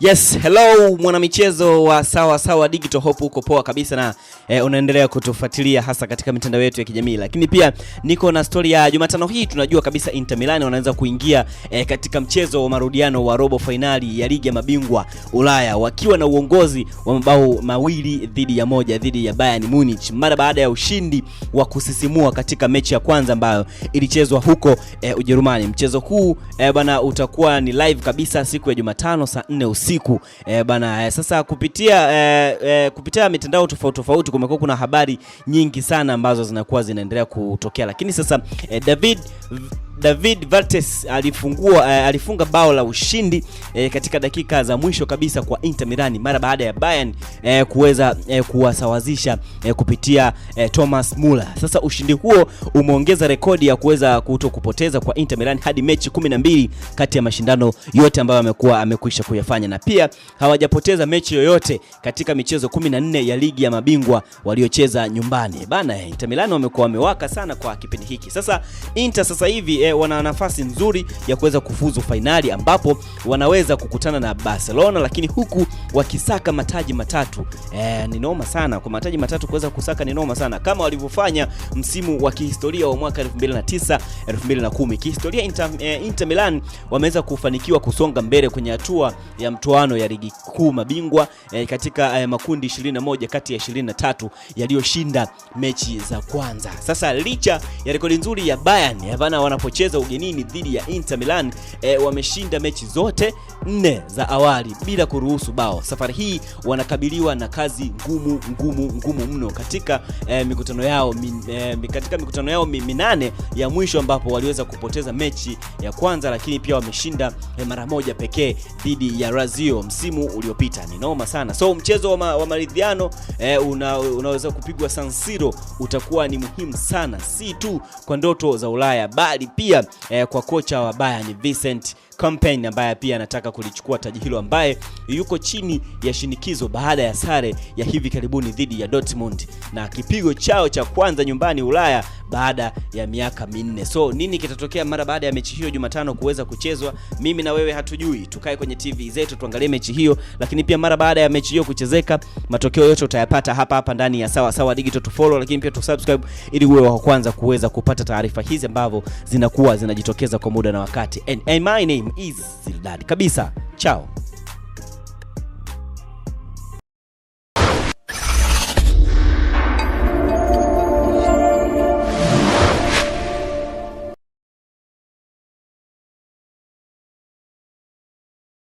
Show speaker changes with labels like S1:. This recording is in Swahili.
S1: Yes, hello mwanamichezo wa sawa sawa digital, hope uko poa kabisa na eh, unaendelea kutufuatilia hasa katika mitandao yetu ya kijamii, lakini pia niko na story ya Jumatano hii. Tunajua kabisa Inter Milan wanaanza kuingia eh, katika mchezo wa marudiano wa robo fainali ya ligi ya mabingwa Ulaya wakiwa na uongozi wa mabao mawili dhidi ya moja dhidi ya Bayern Munich mara baada ya ushindi wa kusisimua katika mechi ya kwanza ambayo ilichezwa huko eh, Ujerumani. Mchezo huu eh, bwana utakuwa ni live kabisa siku ya Jumatano saa 4 usiku siku e, eh, bana. Eh, sasa kupitia e, e, kupitia mitandao tofauti tofauti kumekuwa kuna habari nyingi sana ambazo zinakuwa zinaendelea kutokea, lakini sasa e, David David Valtes alifungua uh, alifunga bao la ushindi uh, katika dakika za mwisho kabisa kwa Inter Milan mara baada ya Bayern uh, kuweza uh, kuwasawazisha uh, kupitia uh, Thomas Muller. Sasa ushindi huo umeongeza rekodi ya kuweza kuto kupoteza kwa Inter Milan hadi mechi 12 kati ya mashindano yote ambayo amekuwa amekwisha kuyafanya, na pia hawajapoteza mechi yoyote katika michezo 14 ya ligi ya mabingwa waliocheza nyumbani. Bana, Inter Milan wamekuwa wamewaka sana kwa kipindi hiki. Sasa Inter sasa hivi eh, wana nafasi nzuri ya kuweza kufuzu fainali ambapo wanaweza kukutana na Barcelona, lakini huku wakisaka mataji matatu. Eh, ni noma sana kwa mataji matatu kuweza kusaka, ni noma sana kama walivyofanya msimu wa kihistoria wa mwaka 2009 2010. Kihistoria Inter, eh, Inter Milan wameweza kufanikiwa kusonga mbele kwenye hatua ya mtoano ya ligi kuu mabingwa eh, katika eh, makundi 21 kati ya 23 yaliyoshinda mechi za kwanza. Sasa licha ya rekodi nzuri ya Bayern, yavana eh, wanapo kucheza ugenini dhidi ya Inter Milan e, wameshinda mechi zote nne za awali bila kuruhusu bao. Safari hii wanakabiliwa na kazi ngumu ngumu ngumu mno katika e, mikutano yao min, e, katika mikutano yao minane ya mwisho ambapo waliweza kupoteza mechi ya kwanza, lakini pia wameshinda e, mara moja pekee dhidi ya Lazio msimu uliopita. Ni noma sana. So mchezo wa, wa maridhiano e, una, unaweza kupigwa San Siro utakuwa ni muhimu sana si tu kwa ndoto za Ulaya bali pia pia eh, kwa kocha wa Bayern Vincent Campaign ambaye pia anataka kulichukua taji hilo, ambaye yuko chini ya shinikizo baada ya sare ya hivi karibuni dhidi ya Dortmund na kipigo chao cha kwanza nyumbani Ulaya baada ya miaka minne. So nini kitatokea mara baada ya mechi hiyo Jumatano kuweza kuchezwa? Mimi na wewe hatujui, tukae kwenye TV zetu tuangalie mechi hiyo, lakini pia mara baada ya mechi hiyo kuchezeka, matokeo yote utayapata hapa hapa ndani ya Sawa Sawa Digital. To follow lakini pia to subscribe, ili uwe wa kwanza kuweza kupata taarifa hizi ambavyo zinakuwa zinajitokeza kwa muda na wakati. And, and my name is Zildad kabisa. Chao.